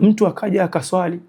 Mtu akaja akaswali,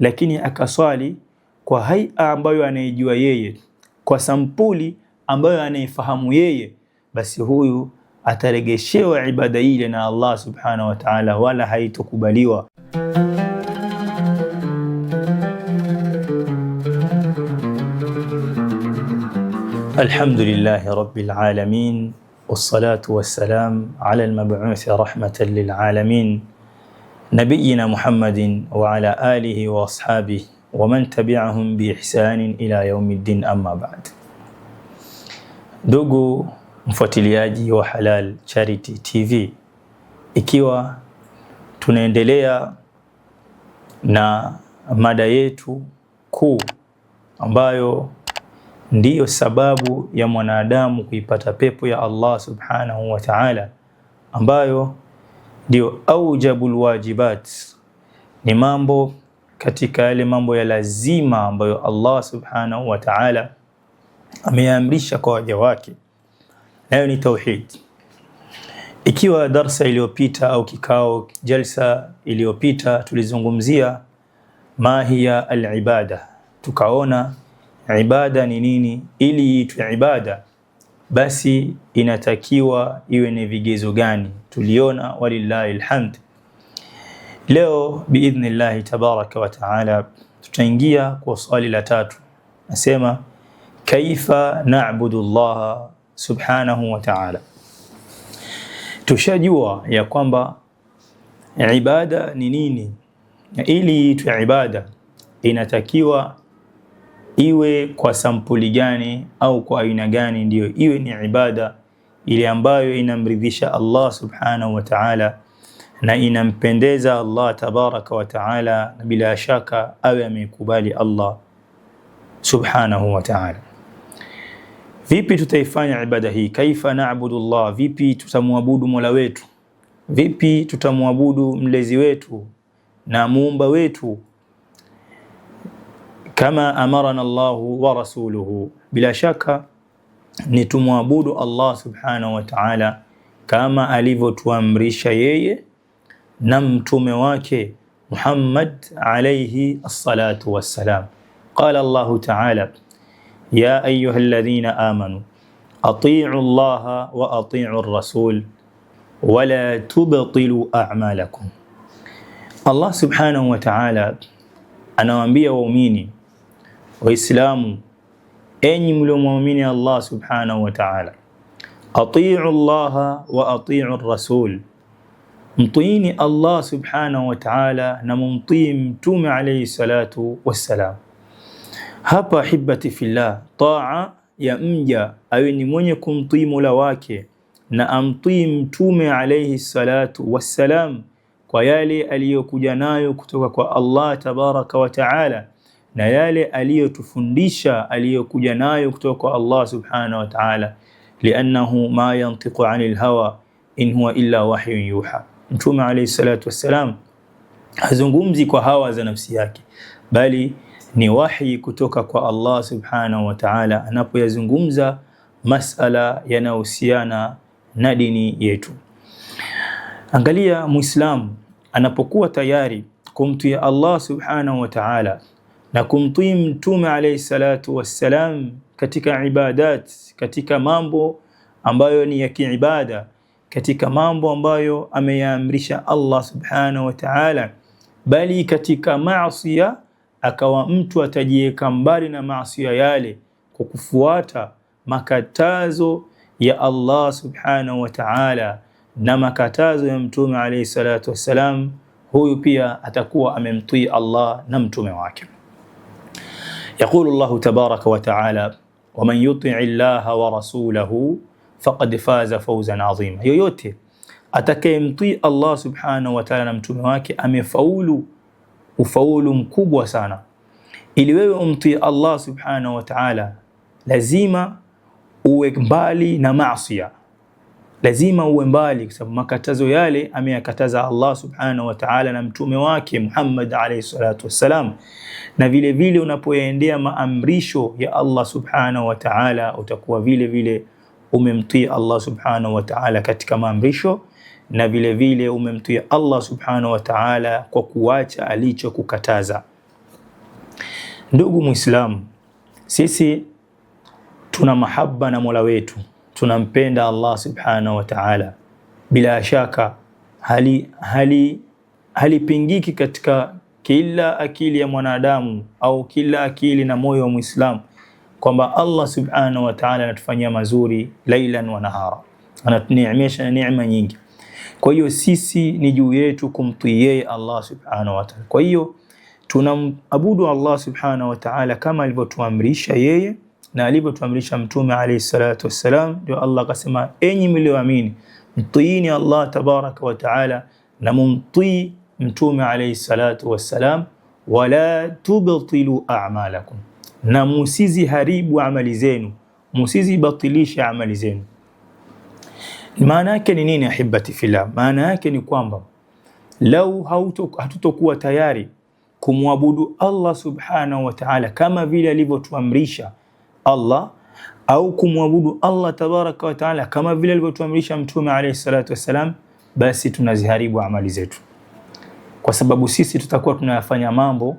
lakini akaswali kwa haia ambayo anayejua yeye, kwa sampuli ambayo anaifahamu yeye, basi huyu ataregeshewa ibada ile na Allah subhanahu wa ta'ala, wala haitokubaliwa. Alhamdulillahi rabbil alamin wassalatu wassalam ala almabuthi rahmatan lilalamin nabiyina Muhammadin wa ala alihi wa ashabihi wa man tabi'ahum bi ihsanin ila yaumiddin, amma ba'd. Ndugu mfuatiliaji wa Halal Charity TV, ikiwa tunaendelea na mada yetu kuu ambayo ndiyo sababu ya mwanadamu kuipata pepo ya Allah subhanahu wa ta'ala, ambayo ndio aujabul wajibat, ni mambo katika yale mambo ya lazima ambayo Allah subhanahu wa ta'ala ameyaamrisha kwa waja wake, nayo ni tauhid. Ikiwa darsa iliyopita au kikao jalsa iliyopita tulizungumzia ma hiya alibada, tukaona ibada ni nini, ili iitwe ibada basi inatakiwa iwe ni vigezo gani? Tuliona, walillahi alhamd. Leo biidhnillahi tabaraka wa taala tutaingia kwa swali la tatu, nasema kaifa na'budu llaha subhanahu wa taala. Tushajua ya kwamba ibada ni nini, na ili itwe ibada inatakiwa iwe kwa sampuli gani au kwa aina gani, ndiyo iwe ni ibada ile ambayo inamridhisha Allah subhanahu wa ta'ala na inampendeza Allah tabaraka wa taala, na bila shaka awe ameikubali Allah subhanahu wa taala. Vipi tutaifanya ibada hii? Kaifa naabudu Allah, vipi tutamwabudu mola wetu? Vipi tutamwabudu mlezi wetu na muumba wetu kama amarana Allahu wa rasuluhu, bila shaka ni tumwabudu Allah subhanahu wa ta'ala kama alivyotuamrisha yeye na mtume wake Muhammad alayhi assalatu wassalam. Qala Allahu ta'ala ya ayuha alladhina amanu atiu llaha wa atiu rasul wala tubtilu a'malakum. Allah subhanahu wa ta'ala anawaambia waumini Waislamu, enyi mliomwamini Allah subhanahu wa ta'ala, atiu llaha wa atiu rasul, mtiini Allah subhanahu wa ta'ala na mumtii mtume alayhi salatu wassalam. Hapa ahibati fillah, taa ya mja awe ni mwenye kumtii mola wake na amtii mtume alayhi salatu wassalam kwa yale aliyokuja nayo kutoka kwa Allah tabaraka wa ta'ala na yale aliyotufundisha aliyokuja nayo kutoka kwa Allah subhanahu wa ta'ala, liannahu ma yantiqu anil hawa in huwa illa wahyun yuha. Mtume alayhi salatu wassalam hazungumzi kwa hawa za nafsi yake, bali ni wahi kutoka kwa Allah subhanahu wa ta'ala anapoyazungumza masala yanayohusiana na dini yetu. Angalia Muislamu anapokuwa tayari kumtia Allah subhanahu wa ta'ala na kumtii Mtume alayhi salatu wassalam katika ibadat, katika mambo ambayo ni ya kiibada, katika mambo ambayo ameyaamrisha Allah subhanahu wa ta'ala, bali katika maasiya akawa mtu atajiweka mbali na maasiya yale kwa kufuata makatazo ya Allah subhanahu wa ta'ala na makatazo ya Mtume alayhi salatu wassalam, huyu pia atakuwa amemtii Allah na mtume wake. Yaqulu Allahu tabaraka wa taala, waman yuti llaha wa rasulahu faqad faza fawzan azima, yoyote atakayemtii Allah subhanahu wa taala na mtume wake amefaulu ufaulu mkubwa sana. Ili wewe umtii Allah subhanahu wa taala, lazima uwe mbali na maasiya lazima uwe mbali, kwa sababu makatazo yale ameyakataza Allah subhanahu wa ta'ala na mtume wake Muhammad alayhi salatu wassalam, na vile vile unapoyaendea maamrisho ya Allah subhanahu wa ta'ala utakuwa vile vile umemtii Allah subhanahu wa ta'ala katika maamrisho na vile vile umemtii Allah subhanahu wa ta'ala kwa kuacha alichokukataza. Ndugu Muislamu, sisi tuna mahaba na Mola wetu tunampenda Allah subhanahu wa ta'ala, bila shaka hali, hali, halipingiki katika kila akili ya mwanadamu au kila akili na moyo wa Muislamu kwamba Allah subhanahu wa ta'ala anatufanyia mazuri lailan wa nahara, anatuneemesha neema nyingi. Kwa hiyo sisi ni juu yetu kumtii yeye Allah subhanahu wa ta'ala. Kwa hiyo tunamabudu Allah subhanahu wa ta'ala kama alivyotuamrisha yeye na alivyotuamrisha Mtume alayhi salatu wassalam, ndio Allah akasema, enyi mlioamini, mtiini Allah tabaraka wa taala na mumtii Mtume alayhi salatu wassalam, wala tubtilu a'malakum, na musizi haribu amali zenu, musizi batilisha amali zenu. Maana yake ni nini, ahibati fillah? Maana yake ni kwamba lau hatutokuwa tayari kumwabudu Allah subhanahu wa ta'ala kama vile alivyotuamrisha Allah au kumwabudu Allah tabaraka wa taala kama vile alivyotuamrisha Mtume alayhi salatu wassalam, basi tunaziharibu amali zetu, kwa sababu sisi tutakuwa tunayafanya mambo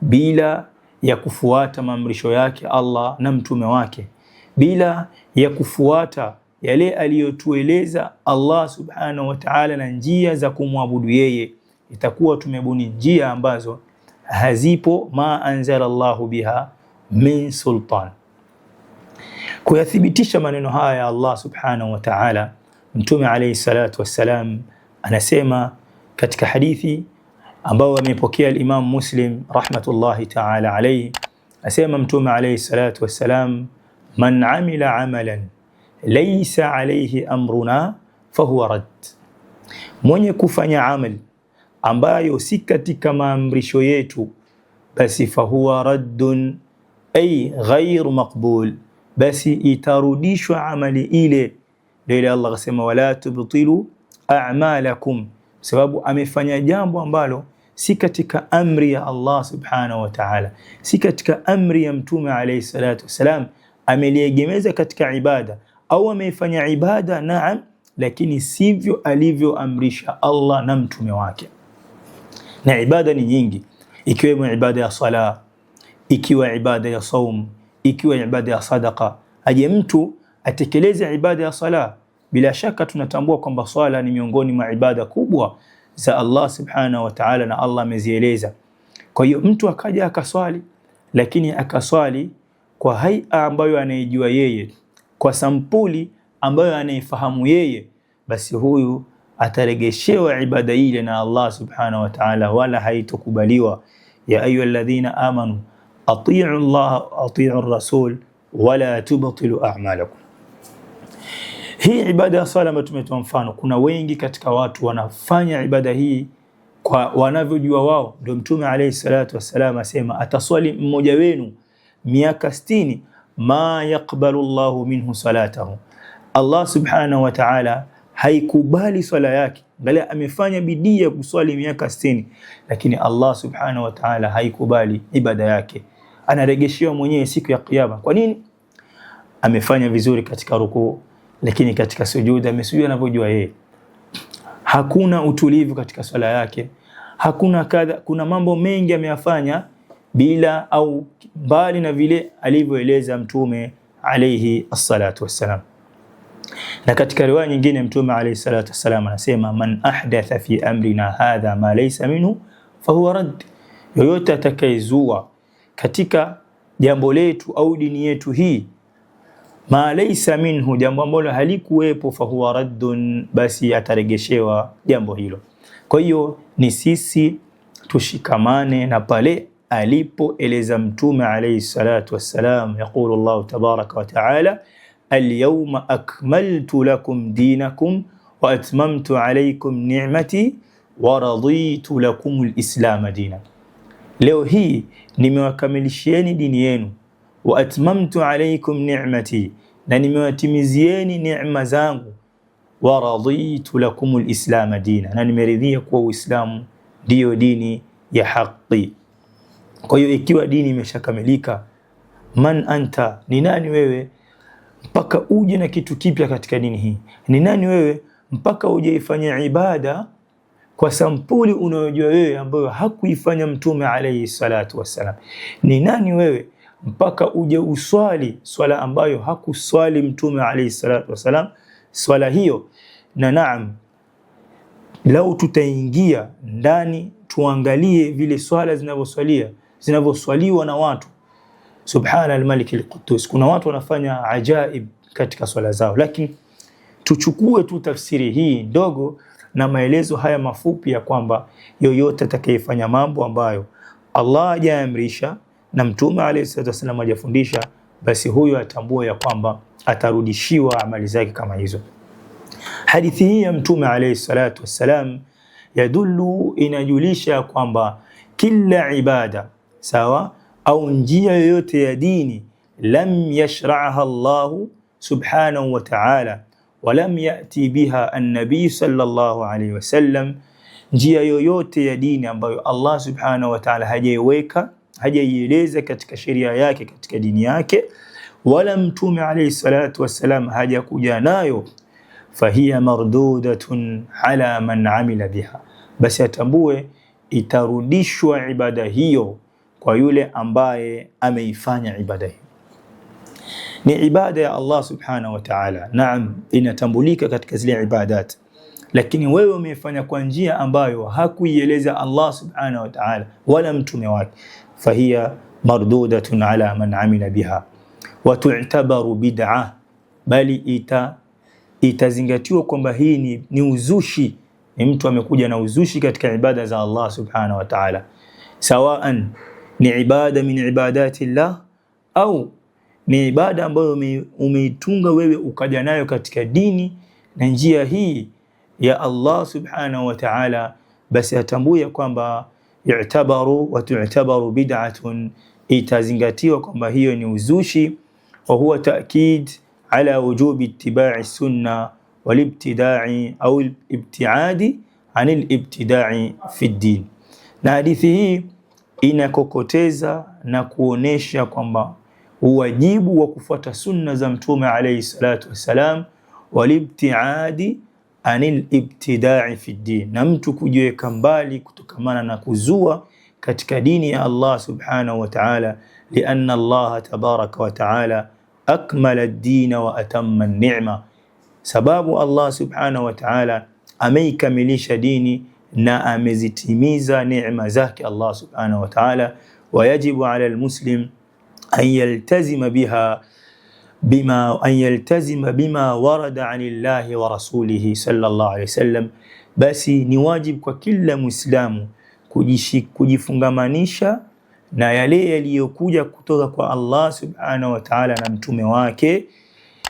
bila ya kufuata maamrisho yake Allah na mtume wake, bila ya kufuata yale aliyotueleza Allah subhanahu wa taala na njia za kumwabudu yeye, itakuwa tumebuni njia ambazo hazipo ma anzala Allahu biha min sultan Kuyathibitisha maneno haya ya Allah subhanahu wa ta'ala, Mtume alayhi salatu wassalam anasema katika hadithi ambao amepokea al-Imam Muslim rahmatullahi ta'ala alayhi, asema Mtume alayhi salatu wassalam, man amila amalan laysa alayhi amruna fahuwa rad, mwenye kufanya amali ambayo si katika maamrisho yetu basi fahuwa raddun ay ghairu maqbul basi itarudishwa amali ile. Ndio ile Allah akasema wala tubtilu a'malakum, sababu amefanya jambo ambalo si katika amri ya Allah subhanahu wa ta'ala, si katika amri ya mtume alayhi salatu wasalam, ameliegemeza katika ibada au amefanya ibada naam, lakini sivyo alivyoamrisha Allah na mtume wake. Na ibada ni nyingi, ikiwemo ibada ya sala, ikiwa ibada ya saum ikiwa ibada ya sadaka. Aje mtu atekeleze ibada ya sala. Bila shaka tunatambua kwamba swala ni miongoni mwa ibada kubwa za Allah subhanahu wa ta'ala, na Allah amezieleza. Kwa hiyo mtu akaja akaswali, lakini akaswali kwa haia ambayo anaijua yeye, kwa sampuli ambayo anaifahamu yeye, basi huyu ataregeshewa ibada ile na Allah subhanahu wa ta'ala, wala haitokubaliwa. ya ayyuhalladhina amanu atiu llaha atiu rasul wala tubtilu a'malakum. Hii ibada ya swala ambayo tumetoa mfano, kuna wengi katika watu wanafanya ibada hii kwa wanavyojua wao. Ndio Mtume alayhi salatu wassalam asema, ataswali mmoja wenu miaka sitini, ma yaqbalu llahu minhu salatahu, Allah subhanahu wa ta'ala haikubali swala yake. Angalia, amefanya bidii ya kuswali miaka sitini, lakini Allah subhanahu wa ta'ala haikubali ibada yake anaregeshewa mwenyewe siku ya Kiyama. Kwa nini? Amefanya vizuri katika rukuu, lakini katika sujudi amesujudi anavyojua yeye. Hakuna utulivu katika swala yake, hakuna kadha. Kuna mambo mengi ameyafanya bila au mbali na vile alivyoeleza Mtume alayhi assalatu wassalam. Na katika riwaya nyingine Mtume alayhi salatu wassalam anasema, man ahdatha fi amrina hadha ma laysa minhu fahuwa rad, yoyote atakayezua katika jambo letu au dini yetu hii, ma laisa minhu, jambo ambalo halikuwepo, fahuwa raddun, basi ataregeshewa jambo hilo. Kwa hiyo ni sisi tushikamane na pale alipoeleza Mtume alayhi salatu wassalam, yaqulu Allahu tabaraka wa taala, alyawma akmaltu lakum dinakum wa atmamtu alaykum ni'mati wa raditu lakum alislama dina leo hii nimewakamilishieni dini yenu, wa atmamtu alaikum ni'mati, na nimewatimizieni neema zangu, wa raditu lakum lislama dina, na nimeridhia kuwa Uislamu ndiyo dini ya haki. Kwa hiyo ikiwa dini imeshakamilika, man anta, ni nani wewe mpaka uje na kitu kipya katika dini hii? Ni nani wewe mpaka ifanye ibada kwa sampuli unayojua wewe ambayo hakuifanya Mtume alaihi salatu wassalam. Ni nani wewe mpaka uje uswali swala ambayo hakuswali Mtume alaihi salatu wassalam? Swala hiyo na naam, lau tutaingia ndani tuangalie vile swala zinavyoswalia zinavyoswaliwa na watu. Subhana almaliki alqudus, kuna watu wanafanya ajaib katika swala zao, lakini tuchukue tu tafsiri hii ndogo na maelezo haya mafupi ya kwamba yoyote atakayefanya mambo ambayo Allah hajaamrisha na Mtume alayhi salatu wasallam hajafundisha, basi huyo atambua ya kwamba atarudishiwa amali zake kama hizo. Hadithi hii ya Mtume alayhi salatu wasallam yadullu, inajulisha kwamba kila ibada sawa au njia yoyote ya dini lam yashraha Allahu subhanahu wa ta'ala walam yati biha annabii sallallahu alaihi wasallam, njia yoyote ya dini ambayo Allah subhanahu wataala hajaiweka hajaieleza katika sheria yake katika dini yake, wala mtume alaihi salatu wassalam hajakuja nayo, fahiya mardudatun ala man amila biha, basi atambue itarudishwa ibada hiyo kwa yule ambaye ameifanya ibada hiyo ni ibada ya Allah subhanahu wa ta'ala. Naam, inatambulika katika zile ibadat, lakini wewe umeifanya kwa njia ambayo hakuieleza Allah subhanahu wa ta'ala wala mtume wake, fahiya mardudatun ala man amila biha wa tu'tabaru bid'a, bali ita itazingatiwa kwamba hii ni, ni uzushi. Ni mtu amekuja na uzushi katika ibada za Allah subhanahu wa ta'ala, sawaan ni ibada min ibadati llah au ni ibada ambayo umeitunga wewe ukaja nayo katika dini na njia hii ya Allah subhanahu wa ta'ala, basi atambue kwamba yutabaru wa tutabaru bid'atun, itazingatiwa kwamba hiyo ni uzushi. Wa huwa ta'kid ala wujubi ittiba'i sunna walibtidai au ibtiadi ani ibtidai fi din, na hadithi hii inakokoteza na kuonesha kwamba wajibu wa kufuata sunna za Mtume alayhi salatu wassalam, walibtiadi anil ibtidai fi ddin, na mtu kujiweka mbali kutokamana na kuzua katika dini ya Allah subhanahu wa ta'ala, lianna Allah tabaraka wa ta'ala akmala ad-dina wa atamma an-ni'ma, sababu Allah subhanahu wa ta'ala ameikamilisha dini na amezitimiza neema zake Allah subhanahu wa ta'ala. Wayajibu ala almuslim an yaltazima biha bima an yaltazima bima warada an Allahi wa rasulihi sallallahu alayhi wasallam, basi ni wajibu kwa kila Muislamu kujifungamanisha na yale yaliyokuja kutoka kwa Allah subhanahu wa ta'ala na mtume wake,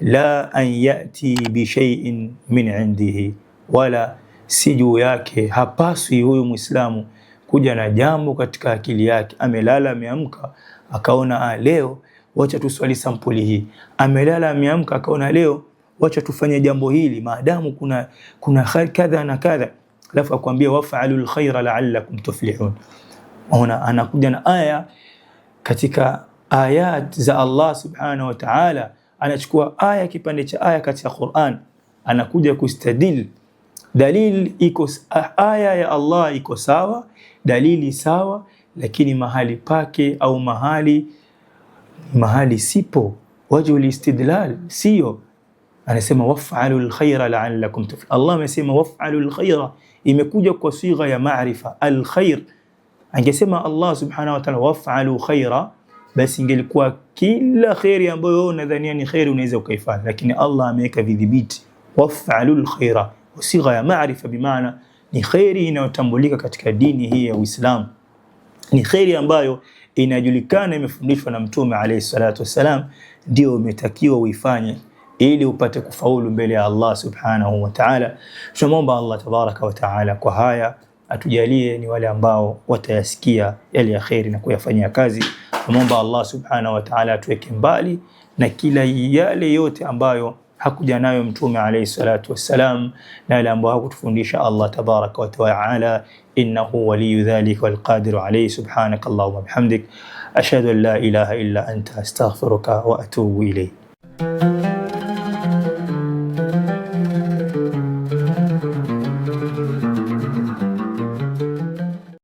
la an yati bi shay'in min indihi, wala si juu yake. Hapaswi huyu Muislamu kuja na jambo katika akili yake, amelala ameamka akaona ah, leo wacha tuswali sampuli hii. Amelala ameamka, akaona leo wacha tufanye jambo hili, maadamu kuna kuna kadha na kadha, alafu akwambia wafalu khaira la'allakum tuflihun. Ona anakuja na aya katika ayat za Allah subhanahu wa ta'ala, anachukua aya kipande cha aya katika Qur'an, anakuja kustadil dalil iko aya ya Allah iko sawa, dalili sawa lakini mahali pake au mahali mahali sipo, wajhu listidlal sio. Anasema waf'alu lkhaira la'allakum tuflihun. Allah amesema waf'alu lkhaira, imekuja kwa sigha ya maarifa alkhair. Angesema Allah subhanahu wa waf'alu khaira, basi ingelikuwa kila kheri ambayo wewe unadhania ni kheri unaweza ukaifanya, lakini Allah ameweka vidhibiti waf'alu lkhaira, sigha ya maarifa, bimaana ni kheri inayotambulika katika dini hii ya Uislamu ni kheri ambayo inajulikana imefundishwa na Mtume alayhi salatu wassalam, ndio umetakiwa uifanye ili upate kufaulu mbele ya Allah subhanahu wa ta'ala. Tunamwomba Allah tabaraka wa taala kwa haya atujalie ni wale ambao watayasikia yale ya kheri na kuyafanyia kazi. Tunamwomba Allah subhanahu wa ta'ala atuweke mbali na kila yale yote ambayo hakuja nayo Mtume alayhi salatu wassalam, na yale ambayo hakutufundisha Allah tabaraka wa taala, innahu waliyu dhalika walqadiru alaihi. Subhanaka allahumma bihamdik ashhadu an la ilaha illa anta astaghfiruka wa atubu ilayk.